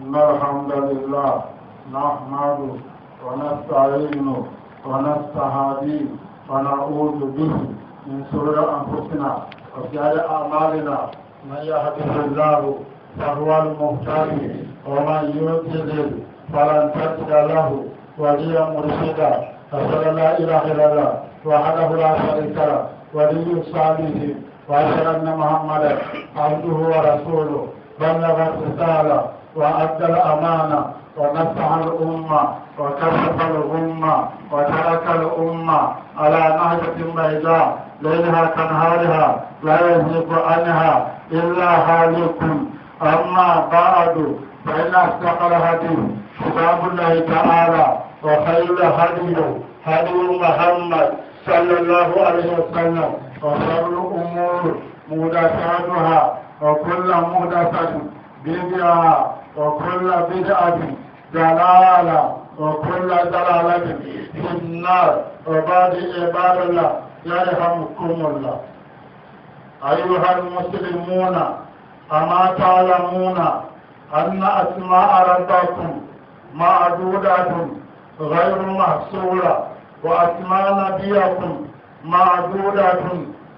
إن الحمد لله نحمده ونستعينه ونستهديه ونعوذ به من شرور أنفسنا وسائر أعمالنا من يهده الله فهو المهتدي ومن يضلل فلن تجد له وليا مرشدا أشهد أن لا إله إلا الله وحده لا شريك له ولي الصالحين وأشهد أن محمدا عبده ورسوله بلغ الرسالة وأدى الأمانة ونفع الأمة وكشف الغمة وترك الأمة على نهجة بيضاء ليلها كنهارها لا يزيغ عنها إلا هالك أما بعد فإن أصدق الحديث كتاب الله تعالى وخير الهدي هدي محمد صلى الله عليه وسلم وشر الأمور مهدساتها وكل مهدسة بدعة وكل بدعة دلالة وكل دلالة في النار وبعد عباد الله يرحمكم الله أيها المسلمون أما تعلمون أن أسماء ربكم معدودة غير محصولة وأسماء نبيكم معدودة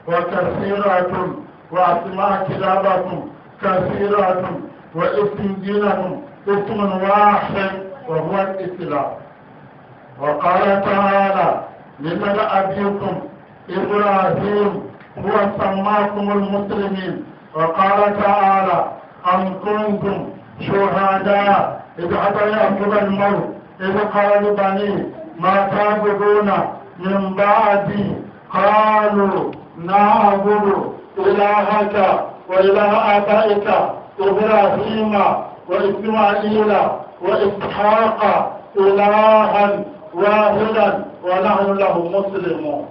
وكثيرة وأسماء كتابكم كثيرة واسم دينهم اسم واحد وهو الإسلام وقال تعالى لمن أبيكم إبراهيم هو سماكم المسلمين وقال تعالى أم كنتم شهداء إذ حتى يأكل الموت إذ قالوا بني ما تعبدون من بعدي قالوا نعبد إلهك وإله آبائك إبراهيم وإسماعيل وإسحاق إلها واحدا ونحن له مسلمون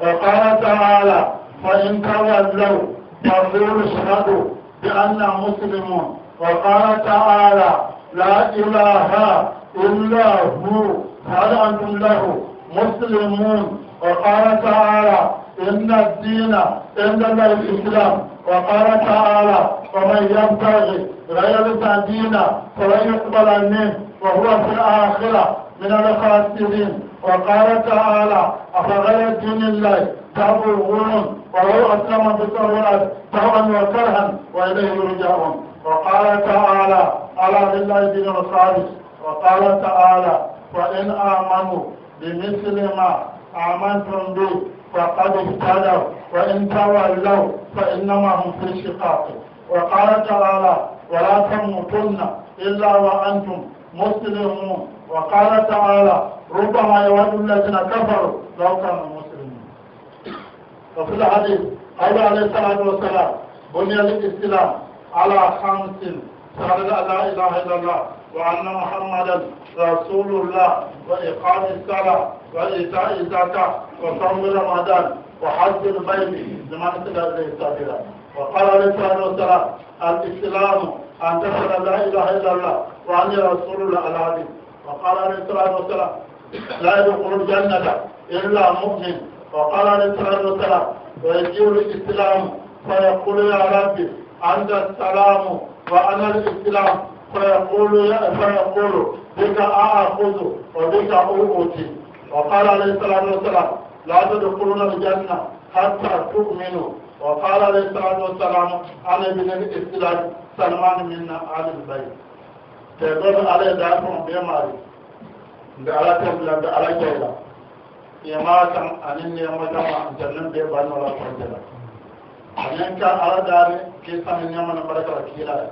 وقال تعالى فإن تولوا فقولوا اشهدوا بأننا مسلمون وقال تعالى لا إله إلا هو هل أنتم له مسلمون وقال تعالى إن الدين عندنا الإسلام وقال تعالى ومن يبتغي غير دين فلن يقبل منه وهو في الآخرة من الخاسرين وقال تعالى أفغير دين الله تبغون ولو أسلم بسرعة طوعا وكرها وإليه يرجعون وقال تعالى على لله دين الخالص وقال تعالى وإن آمنوا بمثل ما آمنتم به فقد اهتدوا وإن تولوا فإنما هم في شقاق وقال تعالى ولا تموتن إلا وأنتم مسلمون وقال تعالى ربما يود الذين كفروا لو كانوا مسلمين وفي الحديث قال عليه الصلاة والسلام بني الإسلام على خمس شهادة لا إله إلا الله وأن محمدا رسول الله وإقام الصلاة وإيتاء الزكاة وصوم رمضان وحج البيت لمن استجاب للسبيل وقال عليه الصلاة والسلام الإسلام أن تشهد لا إله إلا الله وأن رسول الله العظيم وقال عليه الصلاة والسلام لا يدخل الجنة إلا مؤمن وقال عليه الصلاة والسلام ويجيء الإسلام فيقول يا ربي أنت السلام وأنا الإسلام فيقول فيقول بك آخذ وبك أوتي وقال عليه الصلاة والسلام لا تدخلون الجنة حتى تؤمنوا وقال عليه الصلاة والسلام على بن الإسلام سلمان من آل البيت تقول عليه دافع بماري بألا تبلا بألا جيلا إما كان أنني أما جمع جنن بيبان ولا فرجلا أنك أرداني كيسا من يمن بركة كيلا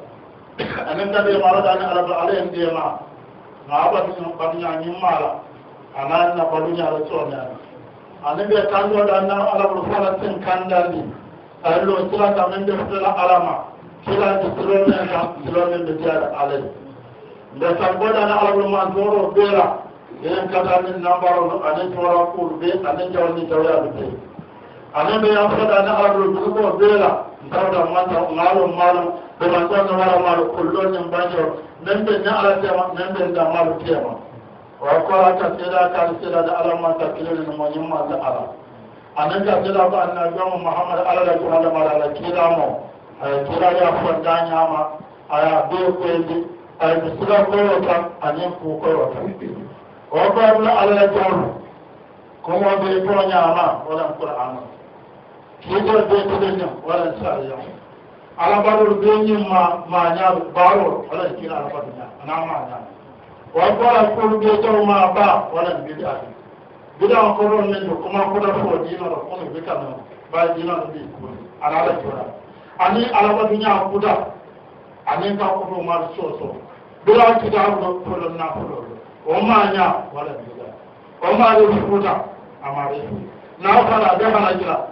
anin da bai mara da ni alaba alayin da ya ma na aba ni sun kwanya ni mara ana na balunya da tso ne anin bai kanjo da na alaba fara tin kandali allo tira da men da fara alama tira da tiro ne da tiro ne da tira alai da tango da na alaba man doro bera yan kata min nambaro anin tora kul be anin jawni jawya be anin bai afada na alaba kubo bera da da mata malum malum bema gonga wala maɗo kolloñen bañol nan ɓe ne ala tema nan ɓe nda maɗo tema wa kolata seeɗa kaali seeɗade alamma takkilele no mo ñimmalle ala ananga seeɗa ko annabiyamo mouhammad alala ko haala maɗa ala kiiramo aya kiiraya fonda ñama aya be koyde ay mi sila koyo tan anin fuu koyo tan o koyabla alala jaaru komoɓe toñama walan qur'ana kiitol be tiɗeño walan sariyamu alabaru benyin ma ma nya baro wala kira alabaru nya ana ma nya wa bara ko be to ma ba wala bi da bi da ko ron ne ko ma ko da fo dina ro ko be ka no ba dina no bi ko ala da kira ani alabaru nya ko da ani ka ko ma so so bi da ki da ko ko na na fara da bana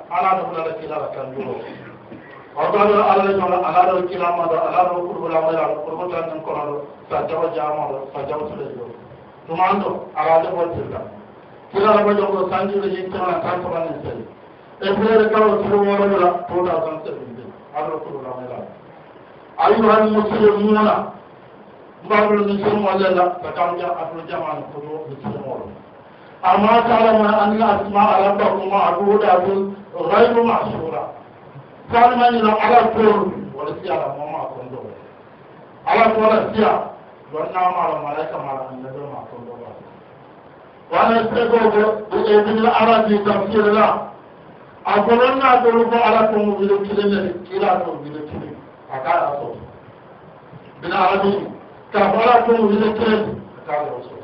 ala da kula da وقالوا على رجل على رجل كلا ماذا على رجل كل ولا ولا كل ولا من كلا فجوا جاء ماذا فجوا تلجوا ثم عنده على رجل ولا كلا لما جاءوا سانجي رجيم كلا كان كلا نسيل إبراهيم كلا سلوا ولا ولا تودا كان سبيل على رجل ولا ولا أيها المسلمون بعض المسلمين ولا لا فكان جاء أبو جماعة كلوا مسلمون أما تعلم أن أسماء ربكم معبودة غير محصورة salimayina ala koolu wala siya la mɔɔ maa tɔn dɔgɔ ala tɔla siya jɔn naa maa la malayika maa la ani nabi maa tɔn dɔgɔ wala siya dɔw bɛ o ebi la ala bi ka fiyere la a kɔrɔ naa dɔrɔn ko ala tɔn mu wele kelen de de kiri a tɔn wele kelen a k'a y'a sɔrɔ bina ala bi k'a fɔ ala tɔn mu wele kelen a k'a y'a sɔrɔ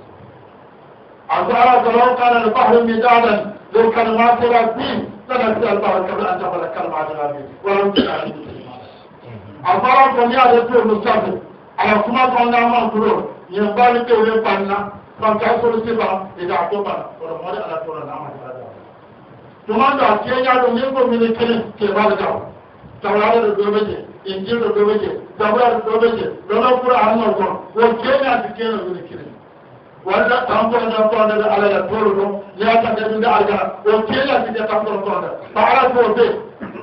a ko ala tɔlɔ kana ni bahu mi daa la ni o kanuma sera لنزل الله كما أنزل ولم تجعل àbára kan ní àdé tó ló sábẹ àyàkúmá kan ní àmà dúró yẹn bá ní kéwé panná pàǹkà sórí síbà ìdá àtọ́bà ọ̀rọ̀ mọ́lẹ́ alákọ̀ọ́rọ̀ náà máa dára. tòmátò àti ẹ̀yà ló ní kó mi ní kíni kí bá lè dà o tàwùrà lè dúró méje ìdí lè méje tàwùrà lè dúró méje lọ́dọ̀ fúra àánú ọ̀gbọ̀n wọ́n kéwé àti kéwé ló ní kíni. walla kankoɗon konde ɗo ala ya toro o ba ala ko de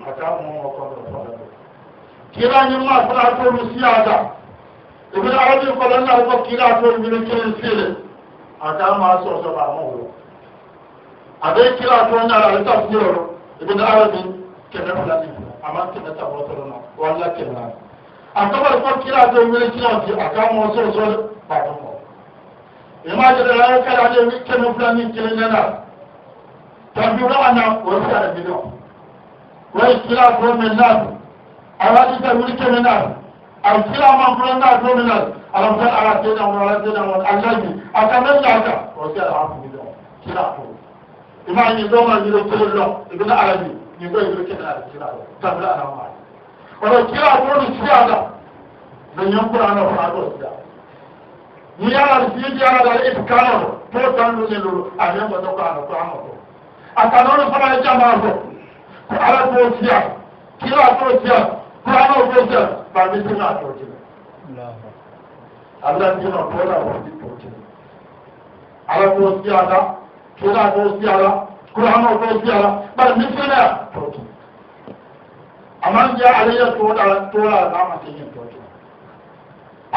aka momo konɗo konde kirañimma sona tomu siyata ibine arabi kolonnar ko kira tol mine kirin fiile akama sosoɓa mawlo aɓe kira toñara ale tafsiroro ibine arabi keme a ma ko kira imagine la kada je kene fulani kene nana tambi na wana wasi ala bino wa istila ko men na ala ti ta wuri kene na al sila ma fulan na do men na ala ta ala te na wala te na wala allahi aka imagine do ma yiro kele lo ibn arabi ni ko yiro kene ala sila tabla ala ma wala kila ko ni sila yala bibi ala ifkano to tanu ne lulu ale ko to ka ko amo ko atano no fara jama ko ala ko tiya kila ko tiya ko ala ko tiya ba mi tin na to tiya Allah ni no ko la ko tiya ala ko tiya da kila ko tiya da ko amo ko tiya da ba mi tin na to tiya aman ja alayya to da to la na ma tin to tiya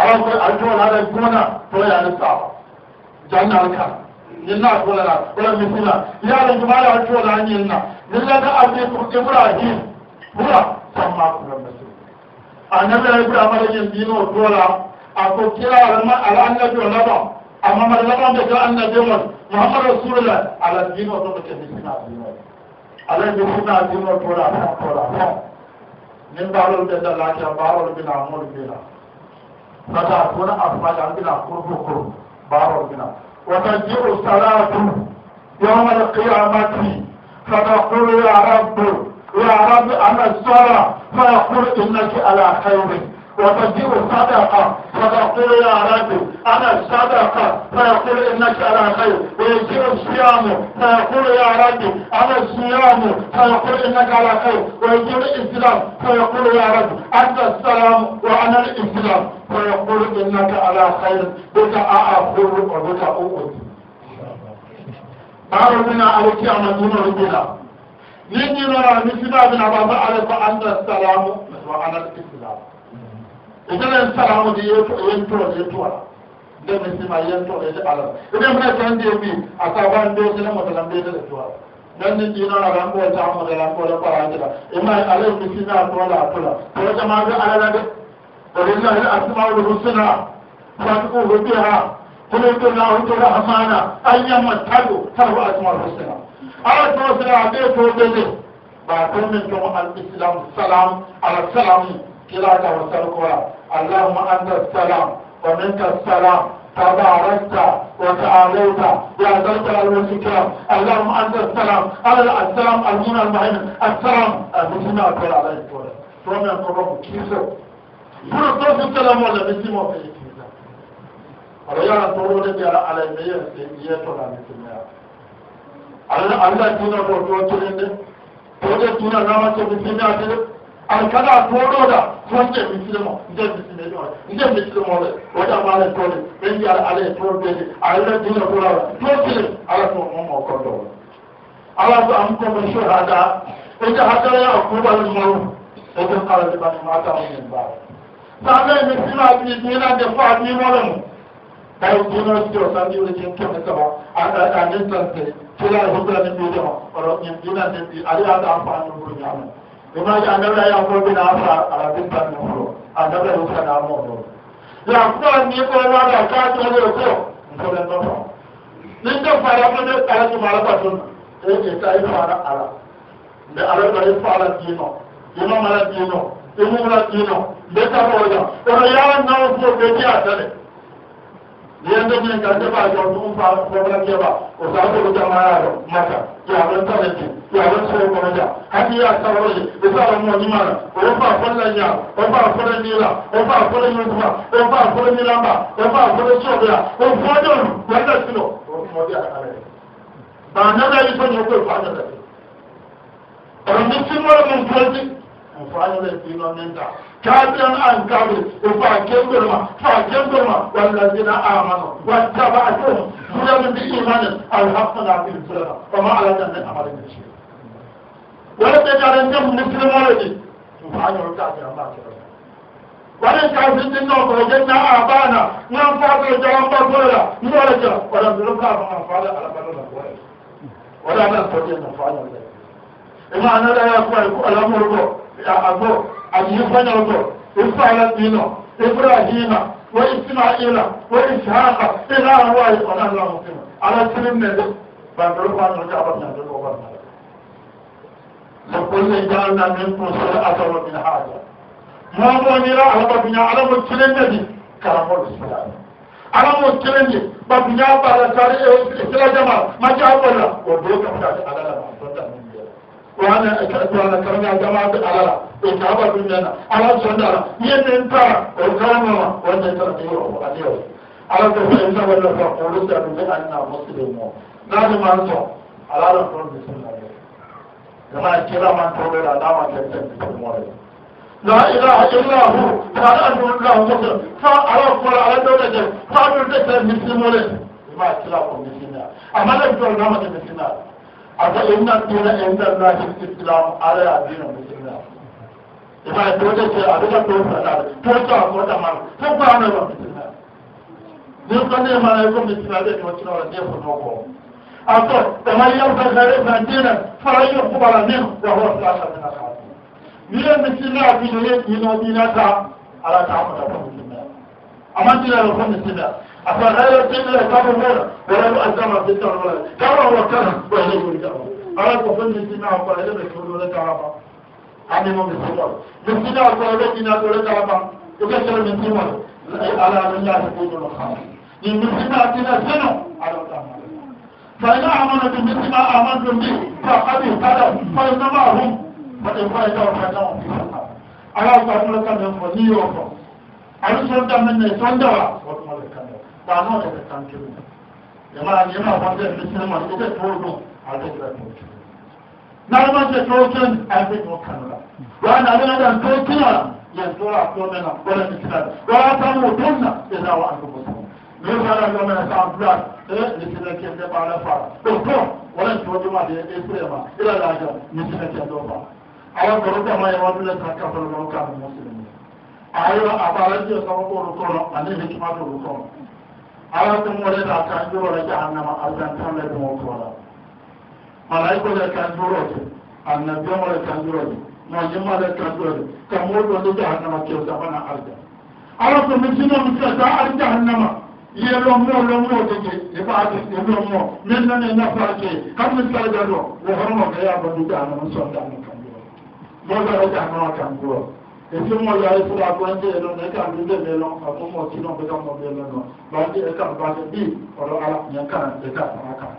அவருக்கு அர்ஜுனால குணா தொலை அனுப்பா ஜன்னால்கா என்ன சொல்லல உல மிசில யாரு ஜுமால அர்ஜுனா என்ன இல்லத அபி இப்ராஹிம் புரா சம்மாக்கு நம்பி அன்னல இப்ராஹிம் தீனோ தோலா அப்போ கிரா அலம அல அன்னபி வலபா amma mallama da ga annabi mu Muhammad Rasulullah ala dino to ke bisna dino ala bisna dino to ra to ra min barul da da lafiya barul bin amul bila فتا الصلاة يوم القيامة فتقول يا رب يا رب أنا الصلاة فيقول إنك على خير وتجيب الصدقة فتقول يا رجل أنا الصدقة فيقول إنك على خير ويجيب الصيام فيقول يا رجل أنا الصيام فيقول إنك على خير ويجيب الإسلام فيقول يا رجل أنت السلام وأنا الإسلام فيقول إنك على خير بك اقول وبك اقول baro mina ala kiyama duna rubila ni ni na ni sida bin ababa ala fa anta salamu wa ala islam ibn saramu di yeto yeto yeto de misima yeto yeto ala ibn na tan de bi asaban do sele mo tan be de to dan ni dina la ran bo ta mo de la ko la para de la ima ala misina ko la to la ko ta ma ga ala la de walillahi al-asmaul husna fatu biha قل الله الرحمن أيما تدعو فهو أسماء الحسنى على توسل عبيته بذلك بعد من الإسلام السلام على السلام قراءة والسلام اللهم أنت السلام ومنك السلام تباركت وتعاليت وأنزلت على الكرام اللهم أنت السلام على السلام المؤمن المهيمن السلام المسلم أقول عليه الصلاة فمن قرب كيسو يقول الصلاة السلام ولا مسلم وفي كيسو ورجعنا تقولوا لك على على المياه سيئيات ولا مسلم الله الله تنا بوجوه تنا تنا نامك مسلم أكيد àǹkárá àtúwọ́dọ́dà tí wọ́n jẹ́ mi sílẹ̀ mọ́ ǹjẹ́ mi sílẹ̀ mọ́ ǹjẹ́ mi sílẹ̀ mọ́ rẹ̀ wọ́jà máa lẹ̀ tọ́lẹ̀ lẹ́yìn alẹ́ tọ́lẹ̀ alẹ́ dínlẹ̀ tó rárá tí ó sílẹ̀ aláṣọ ọmọ ọkọ̀ dọ̀ aláṣọ àmúkọ́ mi ṣe àdá ẹjẹ́ àjọyọ̀ ọ̀kọ́ bá lè mọ́rù ẹjẹ́ kárẹ̀ nípa ni máa dáhùn ní ìgbà sábẹ́ mi sílẹ̀ àti ìgbìyànjú àjẹ fún àbí mọ́rẹ̀ mu báyìí tí wọ́n ti ọ̀sán ní orí jẹ́ kí ọ̀nà sọ̀rọ̀ àdáyé tẹ̀sẹ̀ tí wọ́n yà ìhókòrò níbi ìjọ ọ̀rọ̀ ìgbìyànjú àti àríwá àti àǹfààní òwúrò yàrá ìmájì àdáwìlá yà fún bí náà fà àràbí sàn ní ọ̀rọ̀ àdáwìlá yóò sàn náà mọ̀ ọ̀rọ̀. làkúrò ní ọlọ́ rẹ̀ káàtó lè kó nítorí nọ́fà. níjẹ́ fara fún mi kàrà tó máa bá tó èyí ti ta ìfara àrà. ní àrẹ́gbẹ̀ ìfara dì nọ ìmọ̀ mara dì nọ ìmú mara dì nọ lẹ́tà bọ̀ọ̀yà ọ̀rọ̀ yà wà náà fún òkè ní àtẹ̀lẹ̀. yẹn tó ní nǹkan tó bá yọ ọdún fún ọmọdé bá kò sáà yàrá tí wọ́n kọjá àti yà sáwọ́ yìí ìfẹ́ àwọn ọmọ ní mara òun bá àfọlẹ̀ yà òun bá àfọlẹ̀ nílà òun bá àfọlẹ̀ yorùbá òun bá àfọlẹ̀ nílàmbà òun bá àfọlẹ̀ sọ̀bìà òun fọ́jọ́ nù wọ́n tẹ̀sí lọ. bàánẹ́rẹ́ yìí fẹ́ẹ́ yọkọ̀ ìfọ̀ányẹ́rẹ́ ọ̀rọ̀ mi tí wọ́n mú fọ́jú ìfọ̀ányẹ́rẹ́ ìpinnu mẹ́ta كافرا عن كافر وفاكر برما فاكر برما والذين آمنوا واتبعتهم سورة من بإيمان الحق لا في السورة وما على ذنب أمر من شيء wani karanta muslim already subhanahu wa ta'ala ma ta wani kafin din nan ko janna a bana nan fa ko jawan ba ko la ni wala ta wala dun ka ba fa da ala bana ko wala na ko din na fa da ima ana da ya ko ko ala mur ko ya ago ayi fa na ko ifala dino ibrahima wa isma'ila wa لكل جعلنا منكم شرعة ومن حاجة ما بني لا أهل بني على مكلين دي كرمول السلام على مكلين دي بني على تاري إسلا جماعة ما جاء بلا ودوك على لا وانا وانا كرمي الجماعة على لا إتابة بنينا على سنة ينتهى وكرمه وانا ترتيبه عليه على تفهم ولا فقولوا سبب أن مسلمون لازم أنصح على رسول الله kana kira man tawbe da dama ta ta more la ilaha illa hu kana nu la ta fa ala ko ala dole da fa nu da ta muslimore ma kira ko muslima amma da to na ma ta muslima aka inna tira inda la islam ala adina muslima ima to da ce a duka to sana to ta ko ta ma to ba na ba muslima ni ko ne ma ko muslima da to kira da ko أطر فمن يبتغي غير دينا فلن يقبل منه وهو في الآخرة من الخاسرين. مين مثلنا في نيت من دينك على تعامل أبوه بالله. أما دينا لو كنت سنة أفغير الدين لا يقبل منه ولا يؤذن في الدين كما هو كره وإليه يرجعون. أنا أقول مثلنا أقول لك يقولوا لك عبا. أنا مو مثلنا. مثلنا أقول لك أقول لك عبا. يكسر مثلنا على من لا يكون الخاسر. من مثلنا أتينا سنة على تعامل فإذا آمن بمثل ما آمنتم به فقد اهتدوا فإنما هم فإن فإنهم فإنهم في سواء ألا تعمل كم يفضي يوفى أن سند من يسندوا وكما لكم دعنا لتنكرون لما أن يما فضي مثل ما يجب تولوا عليك لتنكرون نعم أنت توكن أبيت وكنا وأنا أنا أن توكنا ينزل أقوامنا ولا نسلم ولا تموتن إلا وأنتم مسلمون ne fara ga mai sa blood eh ne sile ke da ba la fara to to wannan to juma da ya tsaya ma ila da ga ne sile ke da ba awon to da mai wa dole ka ka fara mu ka musulmi ayo abalan je sama ko ko no anin hikima to ko awon to mo da ka jiro da jahannama azan tan da mu ko la malaiko da ka jahannama ilé ọlọ́mọ ọlọ́mọ òtòkè ìbá àti ìlú ọmọ mẹ́ta ní ẹ̀nàfà àti kápẹ́sì àjọyọ̀ wọ́n mọ̀ fẹ́ àbọ̀dúgbà àwọn sọ̀dá nìkan lọ́wọ́ ẹ̀ka àwọn àkàǹgbọ̀ èsì mọ̀ ya ìfúra àgbọ̀ǹdé ẹ̀lọ́ ẹ̀ka àbúlé mẹ́lọ́ àtúmọ̀ tí náà bẹ́ẹ̀ mọ̀ bẹ́ẹ̀ lọ́nà báyìí ẹ̀ka àbájẹ́ bí ọ̀rọ̀ alákùnyẹ̀ká ẹ̀ka àkàǹ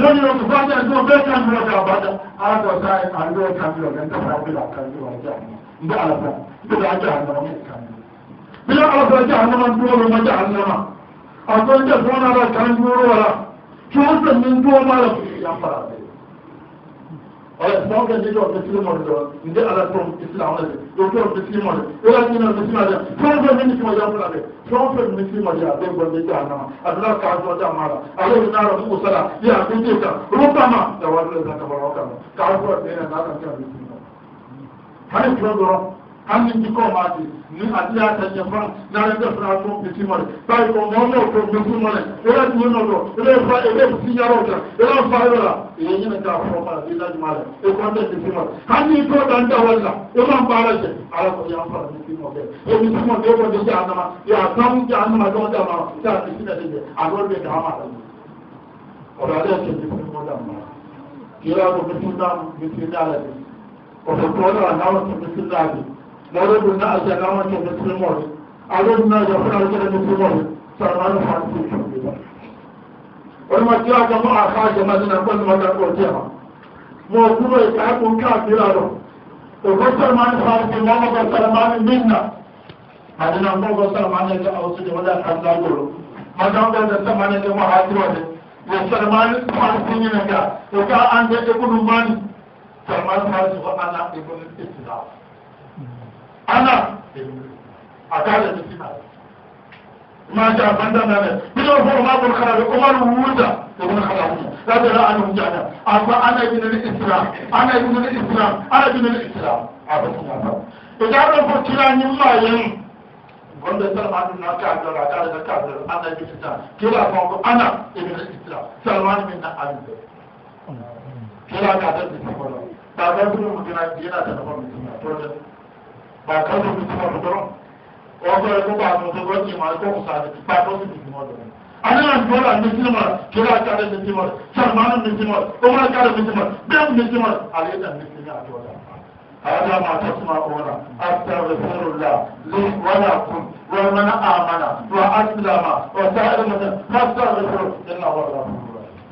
lórí oṣù bájẹ́ ẹ̀dùn ọbẹ̀ ẹ̀ka àmìlọ́gà àbájá alágbọ̀ta àlọ́ ẹ̀ka àmìlọ́gà ń tàbí àbílà àkàǹdé wájà ń bẹ́ àlàbà ń bẹ́ àjà àmọ́ ẹ̀ka àmìlọ́gà a san da suna ba kan duro wala ki wasa min duwa mala ku ya fara da wala sa ga ne da muslim wala da inda ala from islam wala da to muslim wala wala ni na muslim wala ko ga min ki wala fara da ko ga muslim wala da ban da jahannama Allah ka zo da mala Allah na rabu sala ya kun ce ta rubama da wala da ka baraka ka zo da na ka ta muslim har ki wala hannun jikon maji ni a ti yàtọ̀ ìjẹ̀fà lára ẹgbẹ́ fún àwọn òpìtì mọ̀rẹ̀ báyìí kò mọ́ náà kò gbogbo mọ̀rẹ̀ ilé ìlú lọ́dọ̀ ilé ìfà ilé ìfì yàrá ọ̀gá ilé ìfà ìrọ̀lá èyí yìí nìkan fún ọmọ rẹ̀ ilé ìjùmọ̀ rẹ̀ ikọ̀ ní ìfì mọ̀rẹ̀ hannun ikọ̀ ọ̀gá ń dáwọ́ ìlà ó máa ń bá ara jẹ alákọ̀ọ́yà ń fara ìfì mọ̀rẹ̀ èmi tí mọ̀ déwọ́ ní ìjà àdámà yà àtàwọn ìjà àdámà tó ń dàmà tí a ti sílẹ̀ níbẹ̀ àdọ́rẹ̀ dàmà rẹ̀ ọ̀rọ̀ alẹ́ ìṣẹ́ ti fún mọ́dà mọ́ kí ó yà kó fi tún dáhùn fi tún dáhùn rẹ̀ ọ̀sẹ̀ tó ọ̀rọ̀ àdáwọ̀ tó fi tún dáhùn لابد أن أجل أمك المسلمون أردنا أن يكون أجل المسلمون سلمان حقيقي wọ́n tí wọ́n mọ́ àkáàjẹ mẹ́sìnà pẹ́lú mọ́tàkọ̀ jẹ́ wọn wọ́n kúrò ìkàkùn káàkiri lọ òkúta máa ń fa ti mọ́kọ̀ sàlámánì mínà àdínà mọ́kọ̀ sàlámánì ẹgbẹ́ àwọn òṣèlú wọ́n dá àkàlọ́rọ̀ mọ́tàkọ̀ sàlámánì ẹgbẹ́ wọn àti wọ́n lè sàlámánì fàájì nínú ẹgbẹ́ òkà àndẹ́ ẹgbẹ́ ana a kada da sika ma ta bandan da ne bilo ko ma ko kara ko ma wuda ko ma kara mu da da an mu jada amma ana bin al islam ana bin al islam ana bin al islam a ba kuma ba idan ko ko kira ni ma yin gonda salman na ka da ra ka da ka da ana bin islam kira ko ana bin al islam salman min na an kira ka da ko da ba ko mu kira yana da ko mu kira ba ka lu bi ti mo do o ko ko ba mo do ti ma ko sa ti pa ko ti mo do ana an bola an ti mo ke la ka de ti mo salman an ti mo o ma ka de ti mo be an ti mo ale da ti na to da هذا ما تسمعون أستغفر الله لي ولكم ومن آمن وأسلم وسائر المسلمين فاستغفروا إنه الله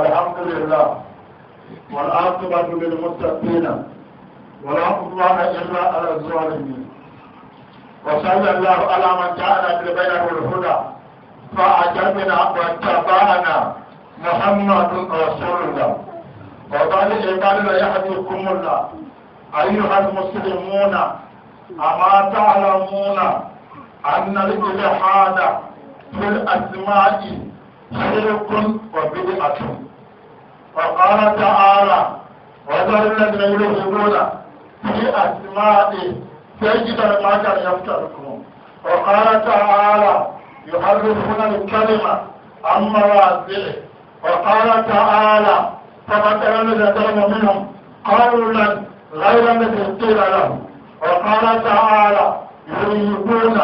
الحمد لله والعاقبة للمتقين ولا عدوان إلا على الظالمين وصلى الله على من جعل بالبيان والهدى فأعجبنا واتبعنا محمد رسول الله وقال عباد لا يهديكم الله أيها المسلمون أما تعلمون أن الإلحاد في الأسماء شرك وبدعة وقال تعالى وذر الذين يلحدون في أسمائه سيجد المكر يفتركم وقال تعالى يحرفون الكلمة عن مواضعه وقال تعالى فمثلا الذين منهم قولا غير مثل قيل لهم وقال تعالى يريدون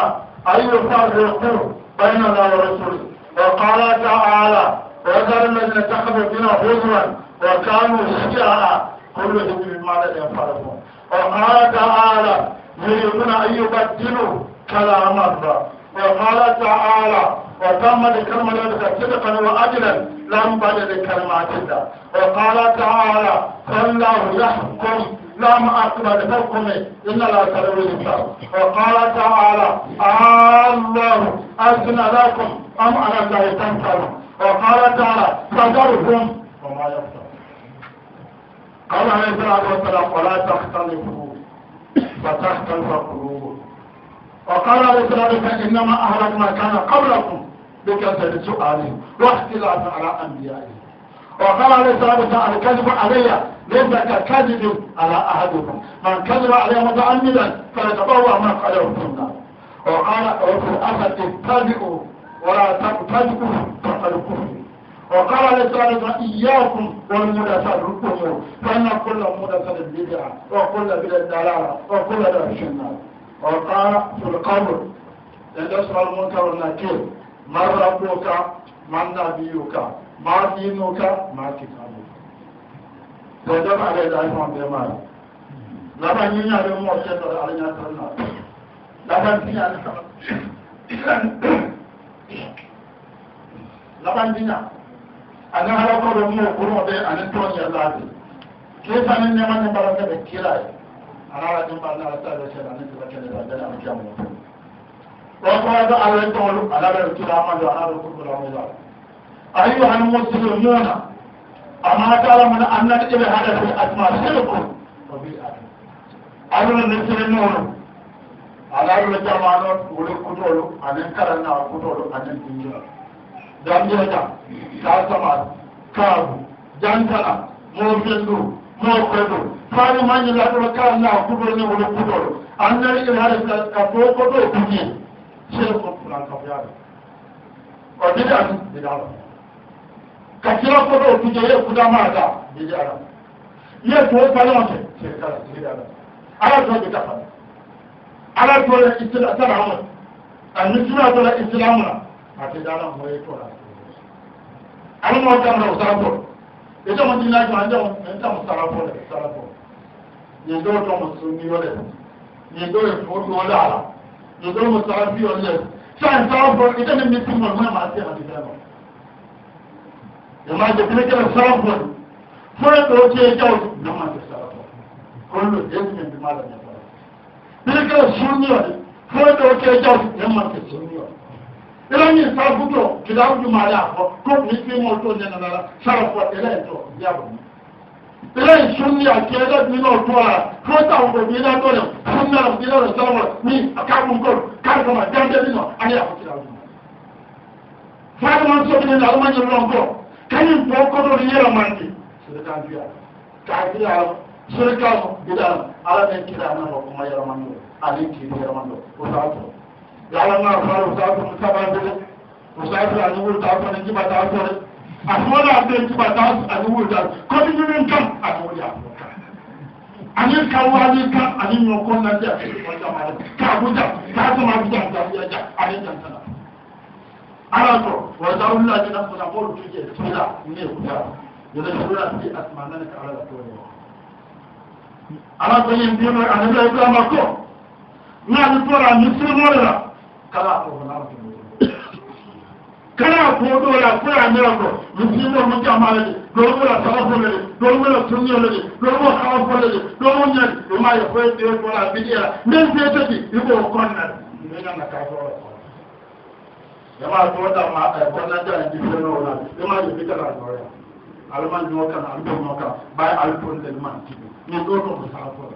أن يفرقوا بيننا ورسوله وقال تعالى وذل من يتخذ بنا هزوا وكانوا شيعا كل حزب بما لديهم فرحون وقال تعالى يريدون ان يبدلوا كلام الله وقال تعالى وتم لكلمة ذلك صدقا وأجلا لم بدل لكلمات الله وقال تعالى فالله يحكم لا مأكل لفوقهم إلا لا تلوي الإنسان وقال تعالى الله أذن لكم أم على الله تنكرون وقال تعالى فذرهم وما يفتر قال عليه الصلاة والسلام ولا تختلفوا فتختلف قلوبكم وقال عليه الصلاة والسلام إنما أهلك ما كان قبلكم بكثرة سؤالهم واختلاف على أنبيائهم وقال عليه الصلاة والسلام الكذب علي ليس ككذب على أحدكم من كذب علي متعمدا فليتبوأ مقعده في الجنة وقال وفي الأسد اتبعوا ولا تبتدئوا فقد كفروا وقال عليه الصلاة والسلام إياكم والمدثر الأمور فإن كل مدثر بدعة وكل بدعة دلالة وكل دلالة في وقال في القبر لن يسمع المنكر النكير من ربك من نبيك máa fi inú ká máa ti kààbò tọ́jọ́ máa rẹ̀ láì fún ọ̀bẹ̀ máa rẹ̀ lábá ní ní àrẹ mọ́ ọ̀ṣẹ́ tọ́rọ àrẹ yàtọ̀ náà lábá ní àrẹ sọ́rọ̀ lábá ní àrẹ alákọ̀ọ́rọ̀ mú òkúrò ọ̀bẹ̀ àrẹ tọ́ọ̀nì aláàbẹ̀ kí ó sáré ní ẹmọ́ ní bára kẹ́bẹ̀ kíra ẹ̀ alára ní bára náà sáré ṣẹlẹ̀ àrẹ tọ́ọ̀nì aláàbẹ̀ àrẹ kí a mọ̀ ọ̀rọ̀ kọ́ أيها المسلمون أما تعلمون أن الإلحاد في الأسماء شرك أيها المسلمون على أن الجماعة ولي كتول أن ينكرنا كتول أن ينكرنا جمجيجا كاسما كابو جانتنا موفندو موفندو فاري ما يلاقوا كارنا كتول ولي كتول أن الإلحاد في الأسماء كتول كتول شرك فلان كبيار وبدأ بدأ ka kira ko ɗo kuje ye kudamaɗa jeli ala ye to balote sekala jeli ala ala toɓe tafana ala tola islamu a misira tola islamu na ate dala moye tola ala mo tamra o sarafo ete mo dina jo ande ente mo sarafo le sarafo ye do to mo sunni yole ye do e fo do ala ye do mo sarafi yole sa sarafo ite ne mi timo ma ma ate ate dala zama da kuma kira sarrafin fura da wace ya kyau zama da sarrafin kullum da yankin da malam ya fara kuma kira sunniya fura da wace ya kyau zama da sunniya ilan yin sarrafin kida hudu ma ya ko ko ni fi moto ne na nara sarrafin ilan to ya bu ilan sunniya ke da ni no to a ko ta ko bi na to ne sunniya bi ni akabun ko kar kuma dan da ni no ani ya ko kira hudu fatima so bi na kayin pokodori yelomandi sirka biya kakiyaro sirkano gidano ala nen kidanaro kuma yelomando anin kini yelomando usato yalanga far usato musabandile usato ani wultafone jibatafore asmona abde jibatas ani wultas kodi ñumin kam ani wulyafo ani kawo ani kam ani ñokonnande a a jamare kabuja kasoma bujanjabiyaja ani jantana alákọ̀ wọ̀ta ó nílá nínú àpọ̀lá bọ́ọ̀lù tó jẹ́ ìtúnlá ilé ìkúta yẹ̀lẹ́ ìṣúra sí àtìmọ̀lá ní kàrà àtọ́ rẹ̀ alákọ̀ yẹn bí ó rẹ̀ àdébẹ̀ ẹgbẹ́ ọmọkọ̀ ní àdúgbò rà ní sí mọ́rẹ̀lá kálá àpọ̀lá láti kálá àpọ̀lá rẹ̀ kúrẹ̀ àmì ọkọ̀ ní sí mọ́ mú jà máa rẹ̀ lọ́wọ́ rẹ̀ tọ́wọ́ fún rẹ̀ lọ́wọ́ rẹ̀ jama'a kuma da ma a kwanan da ji sai no na jama'a ji fita da gore alman ji wakan alman maka bai alfon da man ji ni do to sa ko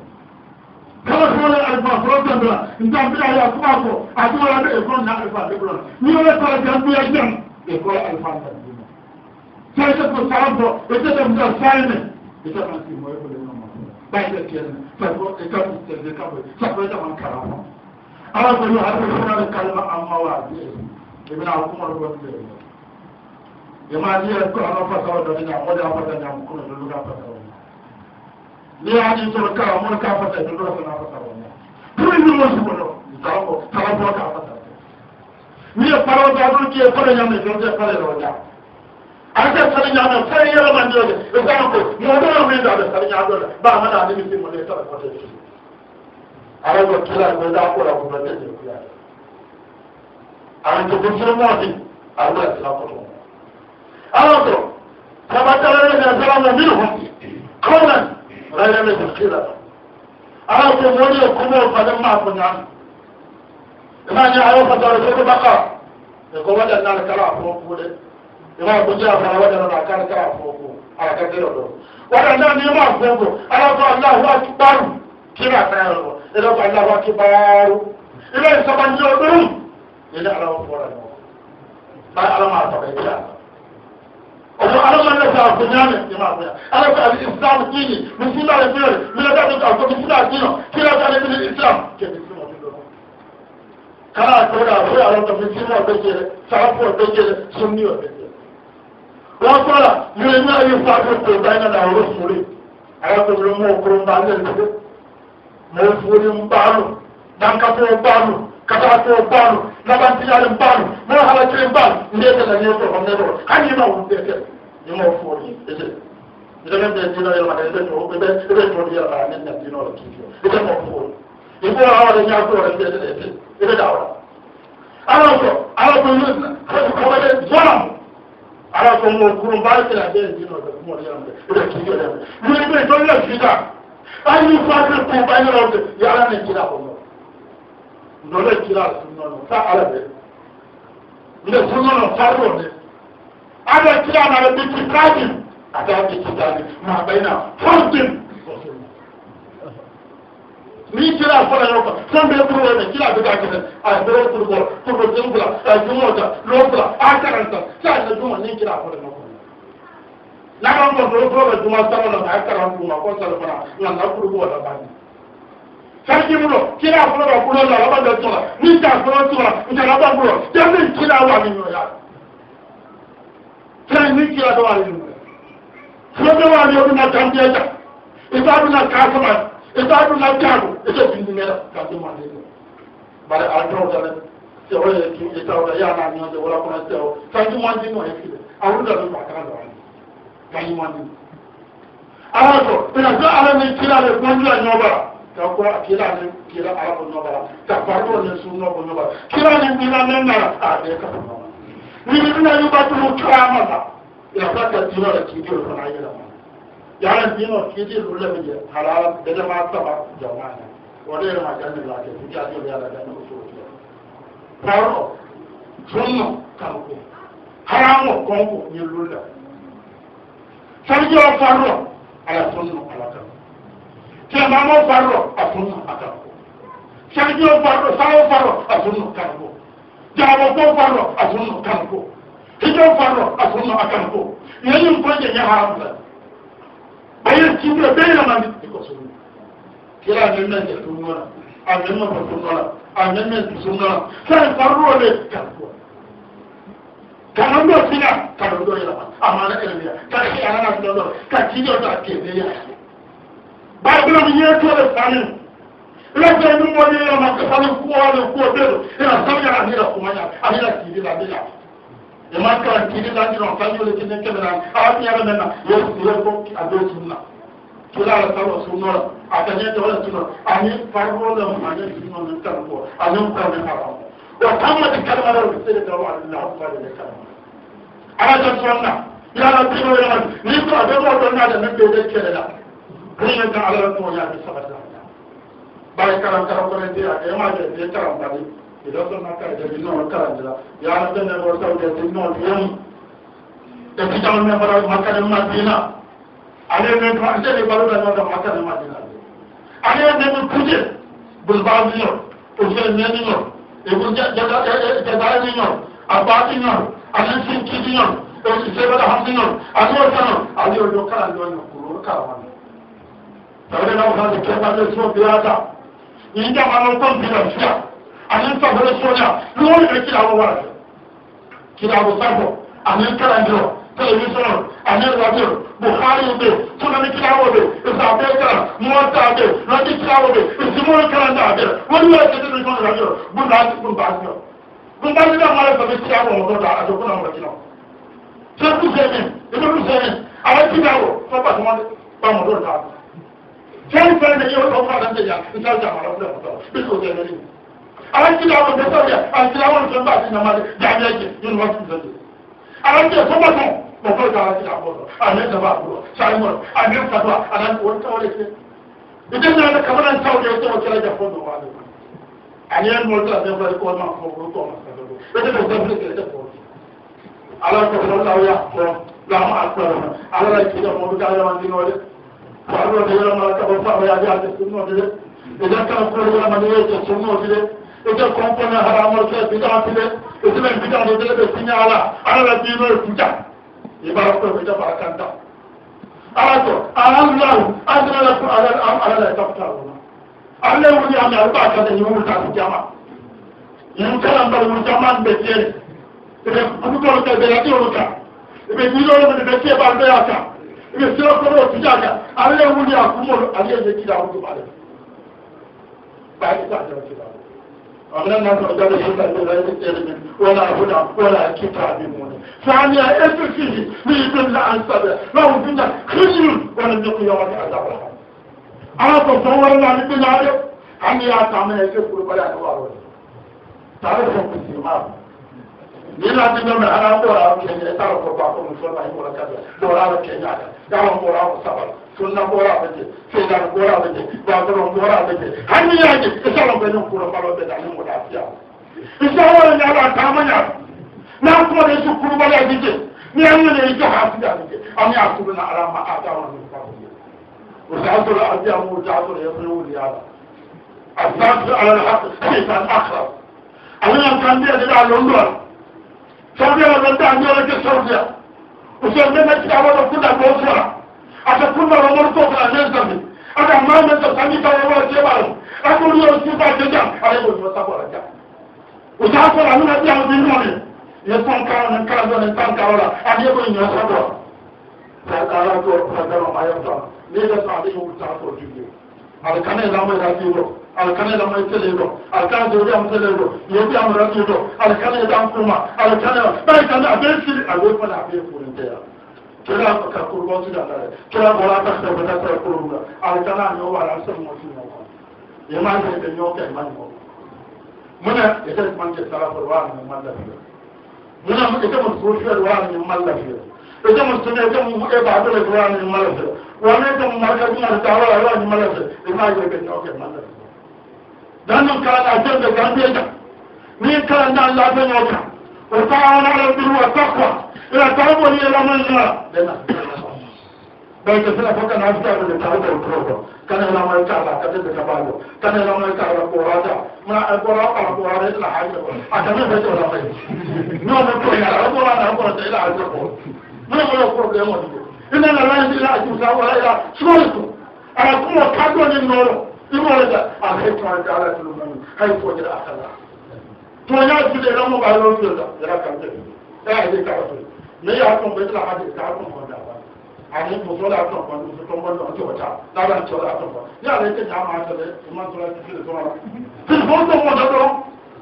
kama ko na alba ko da da inda bi ya kuma ko a to la da ko na alba da ko ni wala ko da bu ya jam e ko alfa da ji sai ta ko sa ko e ta da sai ne e ta kan ki mo ko le no bai da ke ta ko èmi náà kúmọ̀ ló gbọ́dọ̀ lè lọ. Èmi àti ẹ̀kọ́ àwọn afọ́sà ọ̀dọ̀ nínú àwọn ọdẹ afọ́sà ní àmukúrò lórí afọ́sà wọn. Ní àti sọ̀rọ̀ ká àwọn ọmọdé afọ́sà ìlú lọ́sọ̀ ní afọ́sà wọn. Kúrò ìlú wọn sì wọ̀lọ̀ ìtàwọ̀ tàwọ̀ ká afọ́sà wọn. Ní ìpàrọ̀ ọjà tó kí ẹ̀kọ́ rẹ̀ yàmẹ̀ ìjọ jẹ́ ìpàrẹ̀ rẹ̀ ọjà. Àti ẹ̀sọ̀rọ̀ yàmẹ̀ fẹ́rẹ̀ yẹ́rọ máa ń jẹ́ ọjà. Ìsáwọn kò mọ̀ ọdún ọ̀rọ̀ mi dàbẹ̀ sọ̀rọ̀ yàmẹ̀ ọjà. Bá a máa dà níbi tí mo lè sọ̀rọ̀ kọ́tẹ̀ sí. Àwọn ọmọ kílà ìgbẹ́dá kó ra ọmọ tẹ̀lé ìgbéyàwó àwọn tó kún sínú mọ́ọ̀sì àwọn ẹ̀sìn lápọ̀tọ̀. alọ́tọ̀ sábàtà lẹ́yìn ní ẹ̀sẹ̀ láwọn mílò wọn kọ́nà lẹ́yìn ní ẹ̀sẹ̀ kíra. alọ́tọ̀ mo ní ẹ̀kọ́ mọ́ ọ̀fà ní máa fún yàn. ìmọ̀ ní ayọ́ fàtà rẹ̀ tó bá kà ẹ̀kọ́ wọ́dà náà kára àfọwọ́kú dẹ. ìmọ̀ àgbẹ̀jẹ̀ àfọwọ́ wọ́dà náà kára àfọwọ́kú àkàkẹ́rẹ́ ọ̀dọ́. wọ́dà náà ní ìmọ̀ àfọwọ́kú alọ́tọ̀ aláwọ̀ akíbárù kí ilé ìsọba ní ele ala wo fora no ba ala ma ta be ya ojo ala ma na ta ko nyame ni ma ko ala ko abi islam kini mi fi la le fi le mi la ta ko ko mi fi la kino ki la ta le bi islam ke ni kala ko da ko ala ta fi ti mo be je sa ko be je sunni o be je wa ko la ni le na yi fa ko ko ba na da ro suri ala ko lo mo ko katabate banu labantiyale banu mena hala kelen banu ndetela ñeetoo neetoo hanima ndete ñimo foori ete ndeme ɓe o yelmata ɓe to ɓe ɓe toon yelmaa min nen dinola kiikio ete mo foori i ɓura awade ñaatoore mbiyetele ete ete ah, dawra ala ko ala ko yirna koto koɓaɗe jonam ala ko mo kuru mbawitela ɓe dinoɓe moɗo yelamde ete kiikio ɗen yuri ɓe dolla fiita ayni fatir ko bañirode yo ala ne jiɗa ko lọ́lọ́ ìtura àtúnmọ̀nà tá àlẹ́ bẹ́ẹ̀ ilé ìtúnmọ̀nà sáré ọ̀dẹ́ adé ìtura àlẹ́ bíi ti káàdì àti àti ti káàdì máa bẹ́ẹ̀ náà fọ́ọ̀dìn ní ìtura àfọlẹ̀ yọ̀kọ̀ sọ́ńdẹ̀ ẹ̀kúrò rẹ̀ ní ìtura àbíkà kẹsẹ̀ àìbẹ̀rẹ̀ kúrúbọ̀ kúrúbọ̀ tó ń gbìlà ẹ̀dùnmọ̀ ọ̀dà lọ́gbìlà ákàràǹtà tí àìsàn ìdúnmọ̀ ní ìtura àfọlẹ̀ yọ̀kọ̀ lára ń bọ̀ tó ń gbọ́ ẹ̀dùnmọ̀ sọ́mọ̀nà àìkàràǹtà kọ́ńtà lọ́kọ̀nà ńlá kúrúbọ̀ ọ̀dà báyìí sanji mu lọ kila akọlọ ka kulọ la alaba bẹ tọ la ni ta akọlọ tọ la njalaba kulọ jaabi kila wa ni ɲɔ ya fẹn ni kila dọ wa ni ɲɔ fẹn dọ wa ni o bina kan biẹ ta i b'a bina kan sama i b'a bina kan do i tẹ bin dingẹ la ka a dọw da dẹ cɛ o yɛrɛ tun ye taw la y'a n'a ɲɔgɔn cɛ wala kɔnɔ cɛ o sanji man di ɲɔgɔn ye fi dɛ a wuli ka don ka kan dɔ sanji man di ala kakura kila ne kila ala ko ɲɔgɔn la ka baro ne sun nɔ ko la kila ne kila ne na a bɛ ka ɲɔgɔn la ni bɛ na yi ba la ya ka ka la k'i joli fana yɛlɛma ya la dino k'i di olu la bɛ jɛ halala bɛɛ ma saba jama na o de yɛrɛ ma kɛ la kɛ k'i ka joli ala kɛ ne ko so kɛ baro sunna kan haramu kɔn ko ɲɛ lula sanjɔ faro ala sunna ala kan silamɛmaw b'a dɔn a tun nana ka bɔ saridiɲɛw b'a dɔn saraw b'a dɔn a tun nana ka bɔ jarabaw b'a dɔn a tun nana ka bɔ hijaw b'a dɔn a tun nana ka bɔ yen ni nkɔ jɛnyɛ haramu la a ye ci bila bɛɛ yɛlɛma ni i kɔsɔ kira a mɛn mɛn jɛtu nɔ a mɛn mɛn bato a mɛn mɛn dusu nɔ la fɛn farikolo de ka bɔ kalan dɔ sinna kalan dɔ a ma ne yɛlɛma ka kalan dɔ ka ci dɔ k'a kɛ ne yɛlɛma. Bible mu yɛ to le sani. Lɛsɛ nu mɔ ne yɛlɛma ka sani kuwa le kuwa bɛ do. Ina sani yɛrɛ ani la kuma ya ani la kiri la bi la. Yama kira kiri la ni nɔfɛ yɛlɛ kiri kɛmɛ na ala ti yɛrɛ mɛ na yɛrɛ yɛrɛ bɔ a bɛ sun na. Tola la sani wa sun nɔra a ka ɲɛ jɔ la sun nɔra ani farikolo la ma ne sun nɔra ne kan bɔ ani n kan ne ka ban. Wa kan ma ti kalima la o ti se de ka wa ale la o fa de bɛ kalima. Ala ka sɔn na yala rashin jin alalar tuwon ya fi sadaka bayan karanta hakunan da ya yi majen da ya karanta ne idan sun na karanta da nawa karanta ya na san da wata da ta nawa biyan da fita wani fara makarin madina a ne ne ta ce ne faru da nawa makarin madina a ne ne ne kuje bulbazi yau ufen ne ne yau ibun jadara ne yau abbasin yau a nan sun kidi yau da su sai bada hamsin yau a zuwa sanar a zuwa yau karanta wannan kuro karanta saboda na wuka da kyan da so biya ta yin da ma nan kon biya fiya a yin sa bare so ya ruwan da kira mu wa kira mu sabo a yin karan jiro television a yin radio bukhari be sunan kira mu be isa be kara mota be radio kira mu be ismul karan da be wani ya ce da kon radio bun da bun ba ni bun ba ni da mara ba be kira mu Sẹ́yìn fẹ́rẹ́ ní yóò lọ́kọ́ àlẹ́ ìyá nígbà tí àwọn ọ̀rọ̀ ọ̀dọ́ bí kò tẹ̀lé ní. Àwọn tí àwọn ọ̀dọ́ sọ̀rọ̀ àwọn tí àwọn ọ̀dọ́ bá ti nàmá jáde ẹ̀jẹ̀ nínú wọ́n ti ń sọ̀rọ̀. Àwọn tí ẹ̀sọ́ bọ̀ náà lọ́kọ́ ìjà àwọn tí àwọn ọ̀dọ́ àlẹ́ ìjọba àbúrò sáré mọ̀rọ̀ àmì ìfàdúrà àlẹ́ ìwọ̀n tẹ́wọ́ lè ṣe. Ìdí náà ni kàmọ́nà ń sáwọn ẹ̀sọ́ wọn kẹ́lẹ́ jà láwọn àpẹẹrẹ. faruwa da yaran mara kaba faruwa ya ji a cikin notire idan kana kuma yaran mara ya ce sun notire idan kuma kuma haramar kai bid'a tire idan bid'a da dole da sun yala ala la dino tuja ibara ko bid'a ba kanta ato allah azra la ku ala am ala la taftaruna allah wuri am ya ba ka da yiwu ta jama yin kalan bar mu jama be tiye idan ku ko ta da ya tiyo ka ibe ni lo ne be tiye ba da ya ka misiokono otujaga alewuli akumolo aliyeye kirabudu bale bakitajakirabu ولا هدى ولا كتاب منير فعليا افسه ليضل عن سبيل له بنا خزي ولم يقل يوم عذاب الحرب انا تصورنا لبنا عارف عن يا تعمل يكفر بلا نوار تعرفهم بالسماء لنا تجمع على دور عمشان musola yi wala kabe dora be ke nyaaka dawa bora ko sabal sunna bora be je fidan bora be je dawro bora be je hanni yaaji isalo be non kuro balo be da ni ngoda fiya isalo nyaala tamanya na ko de su kuru bala be je ni anna ne ita hasiga be je am ya kubuna ala ma ata wa ni ko وسعد الأرض مرجعة يقول يا الله الثابت على الحق شيطان أخرب أنا كان بيدي على اللون سوريا وزنت عن جولة سوريا uso mena kita wala kuda gofra ata kuma wa morto ka nesa mi ata mama ta sami ta wala je balo ako riyo si ba je jam ale ko mota ko raja usa ko la nuna dia bi no ni ye ton ka na ka do ne tan ka wala ale ko ni sa do ta ka ra ko ta ka ma ya ta ni da sa de ko ta ko ju da ma da ti alkane da mai tele do alkane da yam tele do yobi am rati do alkane da am kuma alkane bai kan abe sili abe fala abe furin da kira ka kurban su da kare kira bora ta da bata ta kurban alkane no wala san mutum no ko yema da da nyoka man ko muna ita man ke sarrafa ruwa ne man lafiya muna ita mun sosiyar ruwa ne man lafiya ita mutum ita mu ita ba da ruwa ne man lafiya wani ita mu marka kuma da tawa ruwa ne man lafiya ina ga ga nyoka man lafiya لأنه كان أجل كان بيدا مين كان ده الله بن وكا وتعاون على البر والتقوى إلى تعامل إلى من لا بيت سنة فكان أفتح من التعود والكروبة كان إلى ما يتعلى كتب كباله كان إلى ما يتعلى قرادة ما القرادة على قرادة إلا حاجة أتمنى بيت ولا خير نوم الكل على قرادة قرادة إلا عز القرد ما يقول القرد يا مدد إننا لا يجب إلى أجل ساوى إلى شمالكم أنا كل قدوة النور لماذا أخذت عن تعالى المؤمن حيث وجد أخذها تولاد في الإيران مبعلون في الله يراك عبد أهدي تعرفين ما يعرفون بيت الحديث تعرفون هنا عن المصول عطنا فان وسطهم بلو أنت وجع لا لا أنت ولا عطنا فان يا ليت جاء مع سلة ما أنت ولا تفيد سورة في الفرد هو جبرهم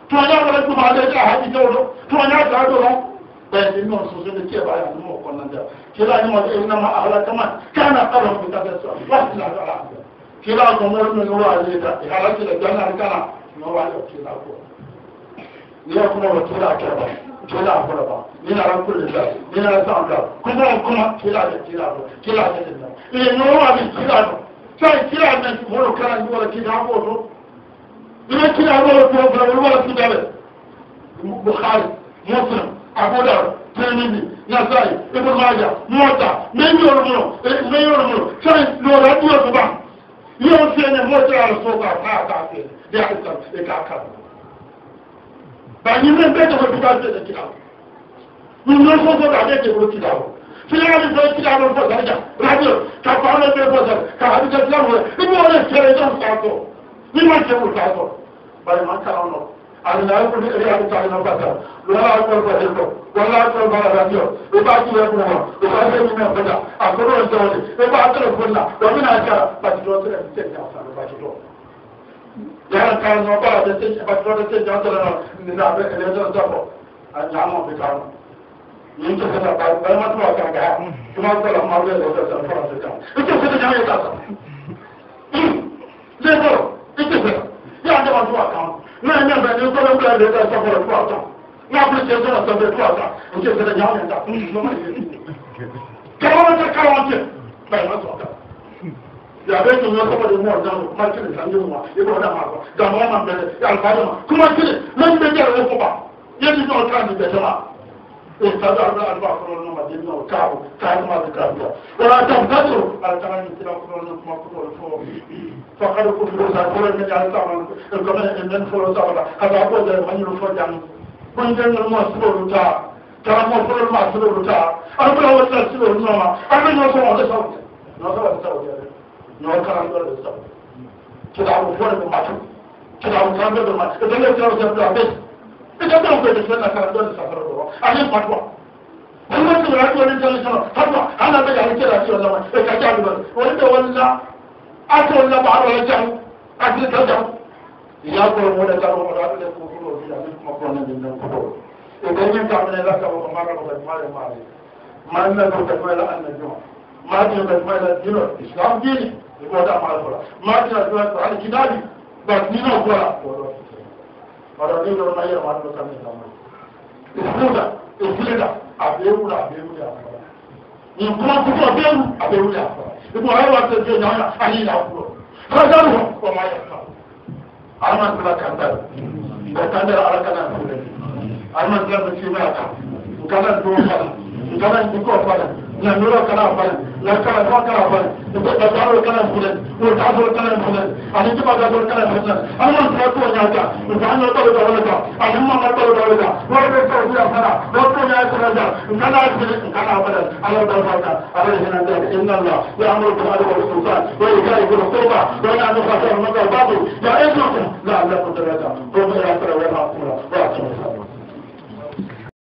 تولاد ولا تبع ليت أحد يجوله تولاد تعرفون بين النور سوسيل كيف على الموقع نجا كلا يوم إنما أهلك من كان قرهم بتدرس وحسن على عبده kila ko mo min ruwa ne da halaki da jannar kana no wa da kila ko ni ya kuma wato da ka ba kila ko ba ni na ran kullu da ni na san ka kuma kuma kila da kila ko kila da kila ni no wa ni kila ko sai kila ne ko kana ni wala kila ko to ni kila ko ko ko wala kila ne bukhari muslim abu dawud tirmidhi nasai ibn majah muwatta men yormuno men yormuno sai yau sai ne mota ya so ka fa ka fe da ya ka e ka ka ba ni men be to ko ta se da kira ni no so so da de ke ko kira fili ka ni so kira no so da ja radio ka fa no be so da ka ha bi ka la mo ni mo le kere don ka ko ni ma ke mo ka ko ba ma ka ono àìláìkù ní eré kan 外面买的都备，外人买的设备多少钱？那不是学生了，的设备多少钱？我就给他两两件，干嘛去？干嘛去？买什么的？两边都有什么？有木匠的，买砌的全就是嘛。一会儿再买个，干嘛嘛别的？要房子嘛？去买砌的，那你买点卧不吧。也是要看你干什了。kaza ala alba kɔrɔ nɔ ma den nɔ kaabo kaabo ma se ka bila wala dam ka sɔrɔ ala taara ni sira kɔrɔ nɔ kuma kɔrɔ fɔ fɔ kalo ko filo sa kɔrɔ ne abin faduwa wani masu da rafi wani jami sama faduwa ana bai da hanke rafi wani zama da kaki abu bari wani da walla aka walla ba har wani jami a cikin tarjam ya kuma mu da jami wani rafi da kuma kuma wani da kuma kuma nan din nan kuma idan yin kamun ne za ka ba ma ka ba ma da ma ne ma ina da ka kuma la annan juma ma ne ka kuma la jira islam ìfúnlẹ̀dà ìfúnlẹ̀dà àbẹ̀wúrà àbẹ̀wúrà àfàrà nǹkan púpọ̀ bẹ́ẹ̀rù àbẹ̀wúrà àfàrà ipò ayéwà tó di ọjà ọ̀nà ayé ìyá àbúrò kájárù ọmọ ayé àfàrà alimantila kandara kandara alakana àfúnlẹ̀ alimantila bẹ fi mẹ́ àkà nkàlà ntọ́ fàlà nkàlà ntọ́ fàlà نعمل له كلام فلان لا كلام ما كلام فلان نتعرض كلام فلان نتعرض كلام فلان عشان تبقى تقول كلام فلان أنا نتعرض نرجع نتعرض نطلب ونرجع عشان ما نطلب ونرجع ولا بيسوي فيها فلا نطلب نرجع نرجع نتعرض كلام فلان على الدرجة على هنا إن الله يأمر بالعدل والسلطان ويجاري بالقربة ولا نخاف من الباطل لا إكرم لا لا قدرة قوم إلى سورة ولا حكمة ولا حكمة